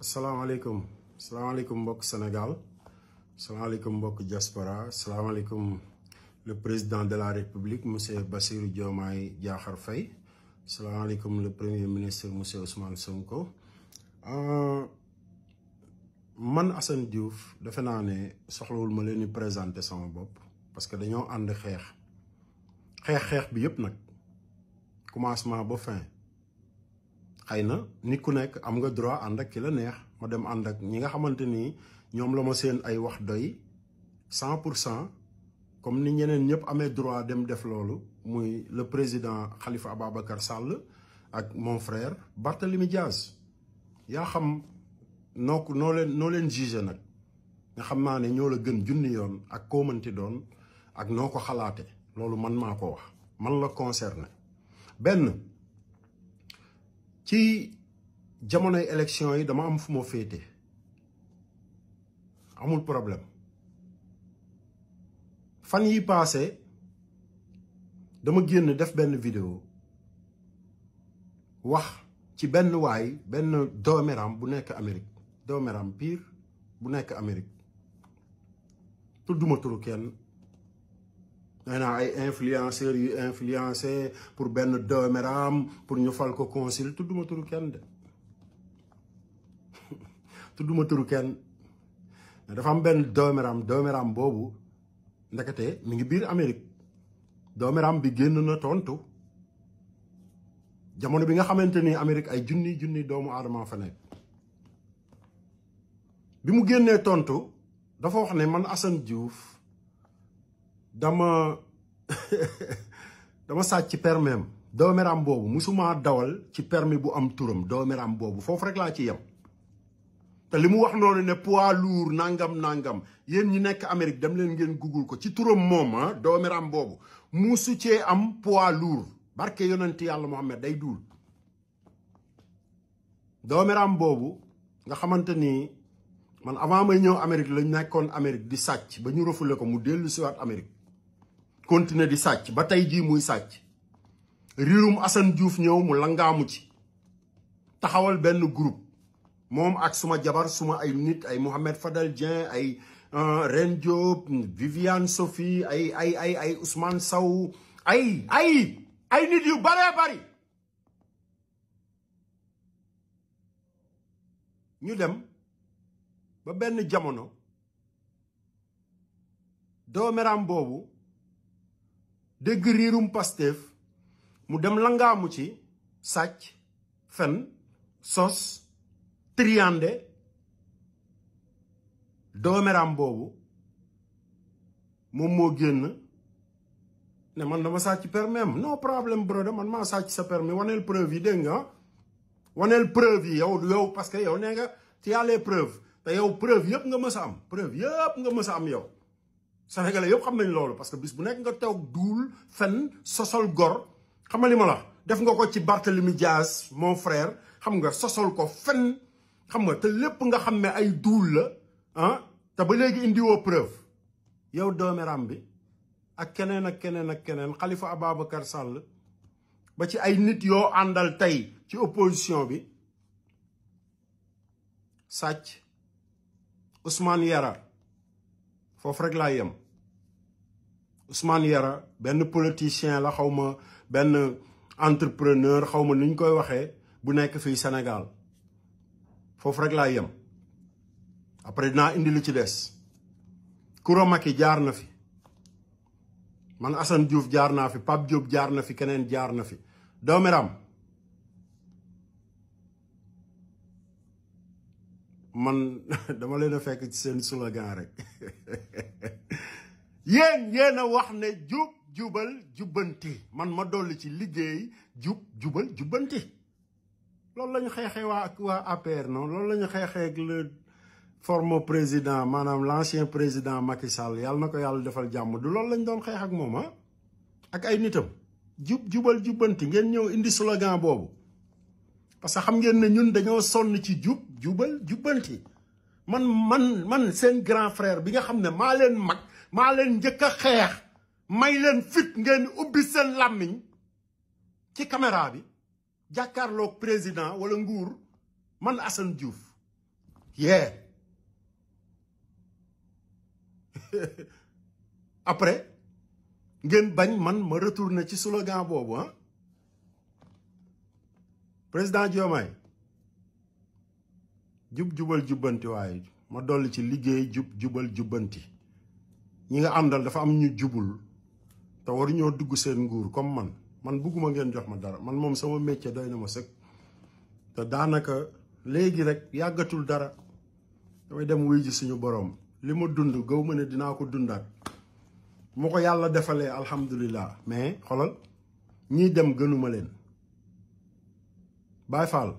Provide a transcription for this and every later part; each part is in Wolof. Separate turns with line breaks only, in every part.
salaamaaleykum salaamaaleykum mbokk Sénégal salaamaaleykum mbokk diaspora salaamaaleykum le président de la république monsieur Bassirou Diomaye Diakhar Faye salaamaaleykum le premier ministre monsieur Ousmane Sonko euh, man Assane Diouf defe naa ne soxlawul ma leen di présenter sama bopp parce que dañoo ànd xeex xeex xeex bi yëpp nag commencement ba fin. xëy na nit ku nekk am nga droit ànd ak ki la neex ma dem ànd ak ñi nga xamante ni ñoom la ma seen ay wax doy cent pour cent comme ni ñeneen ñëpp amee droit dem def loolu muy le président Khalifa Ababacar sàll ak mon frère Barthélemy Diaz yaa xam noo noo leen noo leen jugé nag nga xam naa ne ñoo la gën junni yoon ak koo mënti doon ak noo ko xalaate loolu man maa ko wax man la concerné benn ci jamonoy élection yi dama am fu ma féete amul problème fan yi passé dama génn def benn vidéo wax ci benn waay benn dooméram bu nekk Amérique dooméram pire bu nekk Amérique tudduma turu kenn nee naa ay influenceurs yu influencé pour benn dooméram pour ñu fal ko conseil tudduma turu kenn de tudduma turu kenn dafa am benn dooméram dooméram boobu ndekete mi ngi biir Amérique dooméram bi génn na tontu jamono bi nga xamante ni Amérique ay junni junni doomu aadama fa nekk bi mu génnee tontu dafa wax ne man Assane Diouf dama dama sàcc permis am dooméram boobu musuma dawal ci permis bu am turam dooméram boobu foofu rek laa ci yem te li mu wax noonu ne poids lourd nangam nangam yéen ñi nekk Amérique dem leen ngeen google ko ci turam moom ah dooméram boobu musu cee am poids lourd barke yonent yàlla Muhammad day duul dooméram boobu nga xamante ni man avant may ñëw Amérique lañ nekkoon Amérique di sàcc ba ñu rëfule ko mu dellu siwaat Amérique continuer di sàcc ba tey jii muy sàcc riirum Assane Diouf ñëw mu langaamu ci taxawal benn groupe moom ak suma jabar suma ay nit ay Mouhamed Fadel Dieng ay euh, Ren Diop Viviane Sophie ay ay ay ay Ousmane Sow ay ay ay nit yu baree bari ñu dem ba benn jamono doomeraam boobu dégg riirum Pastef mu dem langaamu ci sàcc fen sos triande doomeram boobu moom moo génn ne man dama sàcc permis am non problème brother man maa sàcc sa permis waneel preuve yi dégg nga waneel preuve yi yow yow parce que yow nee nga ci yàllee preuve te yow preuve yëpp nga mës a am preuve yëpp nga mës a am yow sénégalais yëpp xam nañ loolu parce que bis bu nekk nga teew duul fen sosol gor xamali ma la def nga ko ci Barthélemy Dias mon frère xam nga sosol ko fen xam nga te lépp nga xam ne ay duul la ah, te ba léegi indiwoo preuve yow doomeram bi ak keneen ak keneen ak keneen Khalifa Ababacar Sall ba ci ay nit yoo àndal tey ci opposition bi sàcc Ousmane Yara foofu rek laa yem Ousmane Yara benn politicien la xawma benn entrepreneur xaw ma nu koy waxee bu nekk fii Sénégal foofu rek laa yem après dinaa indi lu ci des Koura Macky jaar na fi man Assane Diouf jaar naa fi Pape Diop jaar na fi keneen jaar na fi dooméram man dama leen a fekk ci seen slogan rek yéen yéen a wax ne jub jubal jubbanti man ma dolli ci liggéey jub jubal jubbanti loolu la ñu xeexee waa ak waa APR non loolu la ñu xeexee ak le forme président maanaam lancien président Macky yàlla na ko yàlla defal jàmm du loolu lañ doon xeex ak moom ah ak ay nitam jub jubal jubbanti ngeen ñëw indi slogan boobu parce xam ngeen ne ñun dañoo sonn ci jub jubal jubbanti man man man seen grand frère bi nga xam ne maa leen mag maa leen njëkk a xeex may leen fit ngeen ubbi seen làmmiñ ci caméra bi jàkkaarloog président wala nguur man Assane Diouf yee après ngeen bañ man ma retourné ci slogan boobu ah président Diomaye jub jubal jubbanti waaye ma dolli ci liggéey jub jubal jubbanti ñi nga àndal dafa am ñu jubul te waruñoo dugg seen nguur comme man man bugguma ngeen jox ma dara man moom sama métier doy na ma sëkk te daanaka léegi rek yàggatul dara damay dem wuy ji suñu boroom li ma dund gaw ma ne dinaa ko dund dundaat moo ko yàlla defalee alhamdulilah mais xolal ñii dem gënuma leen Baay Faal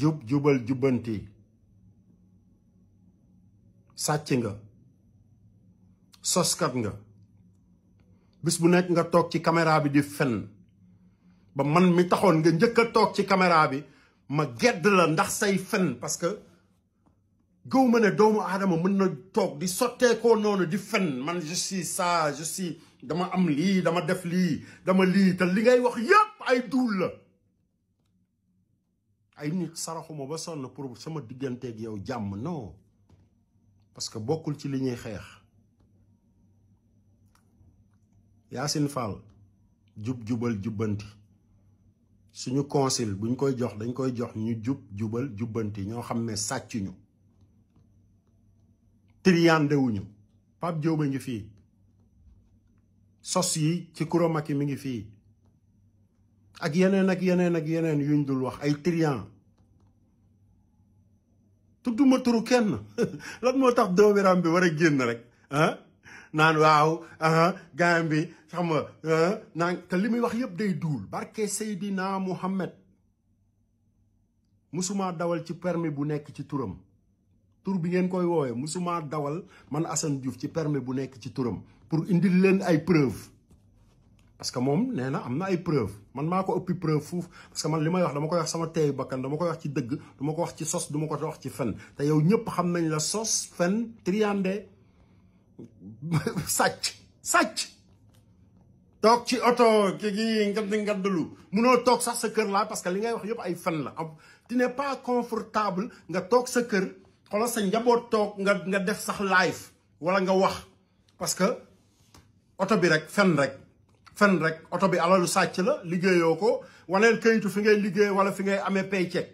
jub jubal jubbanti sàcc nga soskat nga bis bu nekk nga toog ci caméra bi di fen ba man mi taxoon nga njëkk a toog ci caméra bi ma gedd la ndax say fen parce que gëw ne doomu aadama mën na toog di sotteekoo noonu di fen man je suis ça dama am lii dama def lii dama lii te li ngay wax yépp ay duul la ay nit saraxuma ba sonn pour sama digganteek yow jàmm non parce que bokkul ci li ñuy xeex Yacine Fall jub jubal jubbanti suñu conseil buñ koy jox dañ koy jox ñu jub jubal jubbanti ñoo xam ne sàccuñu triyandewuñu Pape Diop ngi fii sos yi ci yi mi ngi fii ak yeneen ak yeneen ak yeneen yuñ dul wax ay trian tudduma turu kenn lan moo tax doomiram bi war a génn rek ah? naan waaw ah gaayam bi xam ah, naan te li muy wax yëpp day duul barke naa Muhammad musuma dawal ci permis bu nekk ci turam tur bi ngeen koy woowee musuma dawal man Assane Diouf ci permis bu nekk ci turam pour indil leen ay preuve parce que moom nee na am na ay preuve man maa ko ëppi preuve fuuf parce que man li may wax dama koy wax sama teeyu bakkan dama koy wax ci dëgg dama ko wax ci sos ma ko wax ci fen te yow ñëpp xam nañ la sos fen triande sàcc sàcc toog ci oto ki gi ngadd ngaddalu munoo toog sax sa kër laa parce que li ngay wax yëpp ay fen la tu n'es pas confortable nga toog sa kër xoolal sa njaboot toog nga nga def sax live wala nga wax parce que oto bi rek fen rek fen rek oto bi alalu sàcc la liggéeyoo ko waneen kayitu fi ngay liggéey wala fi ngay amee paycheck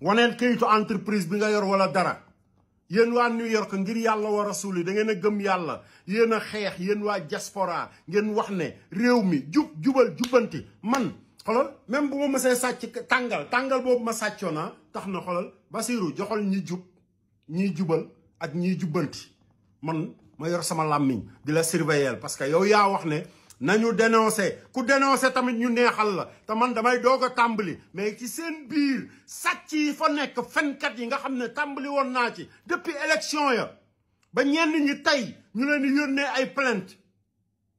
waneen kayitu entreprise bi nga yor wala dara yéen waa New York ngir yàlla wa rasul yi da ngeen a gëm yàlla yéen a xeex yéen waa diaspora ngeen wax ne réew mi jub jubal jubbanti man xolal même bu ma mësee sàcc tàngal tàngal boobu ma sàccoo naa ah, tax na xolal Basiru joxal ñi jub ñiy jubal ak ñiy jubbanti man ma yor sama làmmiñ di la surveiller parce que yow nañu dénoncé ku dénoncé tamit ñu neexal la te man damay doog a tàmbali mais ci seen biir sàcc yi fa nekk fenkat yi nga xam ne tàmbali woon naa ci depuis élection ya ba ñenn ñi tey ñu leen di yónnee ay plainte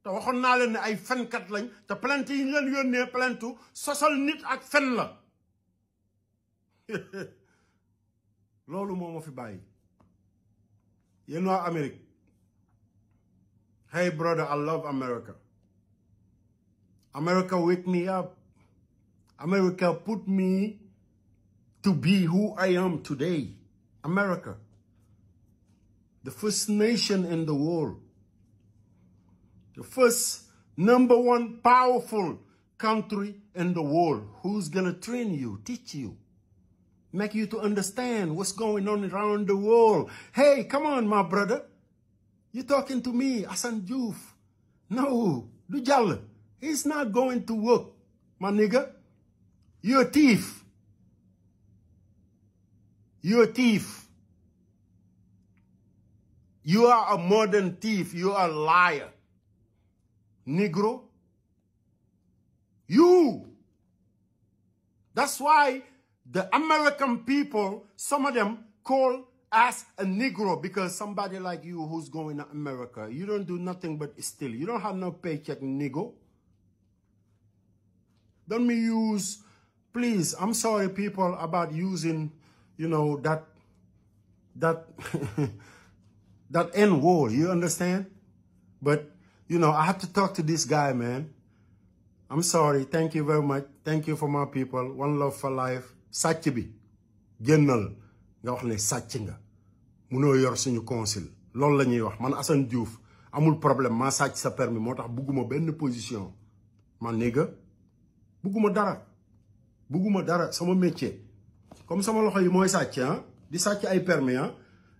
te waxoon naa leen ne ay fenkat lañ te plainte yi ñu leen yónnee plainte sosal nit ak fen la loolu moo ma fi bàyyi yéen waa Amérique hey brother I love America America, wake me up. America, put me to be who I am today. America, the first nation in the world, the first number one powerful country in the world. Who's going train you, teach you? make you to understand what's going on around the world. Hey, come on, my brother. You talking to me, Hassan Diouf. No, He's not going to work, my nigga. You're a thief. You're a thief. You are a modern thief. You are a liar. Negro. You. That's why the American people, some of them call us a Negro because somebody like you who's going to America, you don't do nothing but steal. You don't have no paycheck, Negro. Don't me use, please, I'm sorry people about using, you know, that, that, that N word, you understand? But, you know, I have to talk to this guy, man. I'm sorry. Thank you very much. Thank you for my people. One love for life. sàcc bi génnal nga wax ne sàcc nga noo yor suñu conseil loolu la ñuy wax man Assane Diouf amul problème maa sàcc sa permis moo tax bugguma benn position man néega bugguma dara bugguma dara sama métier comme sama loxo yi mooy sàcc ah di sàcc ay permis ah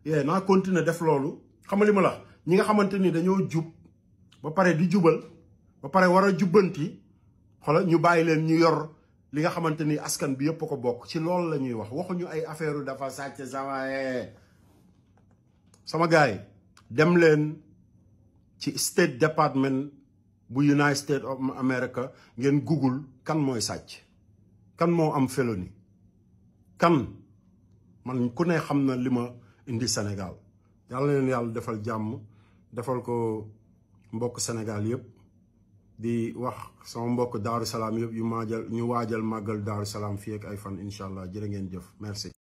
yee naa continuer def loolu xam li ma la ñi nga xamante ni dañoo jub ba pare di jubal ba pare war a jubbanti xoola ñu bàyyi leen ñu yor li nga xamante ni askan bi yëpp ko bokk ci loolu la ñuy wax waxuñu ay affaire dafa sàcc sama eh. sama gars yi dem leen ci State Department bu United States of America ngeen google kan mooy sàcc kan moo am feloni kan man ku ne xam na li ma indi Sénégal yàlla leen yàlla defal jàmm defal ko mbokk Sénégal yëpp di wax sama mbokk Daaru Salaam yëpp yu maajal ñu waajal màggal Daaru Salaam fii ak ay fan incha allah jërë ngeen jëf merci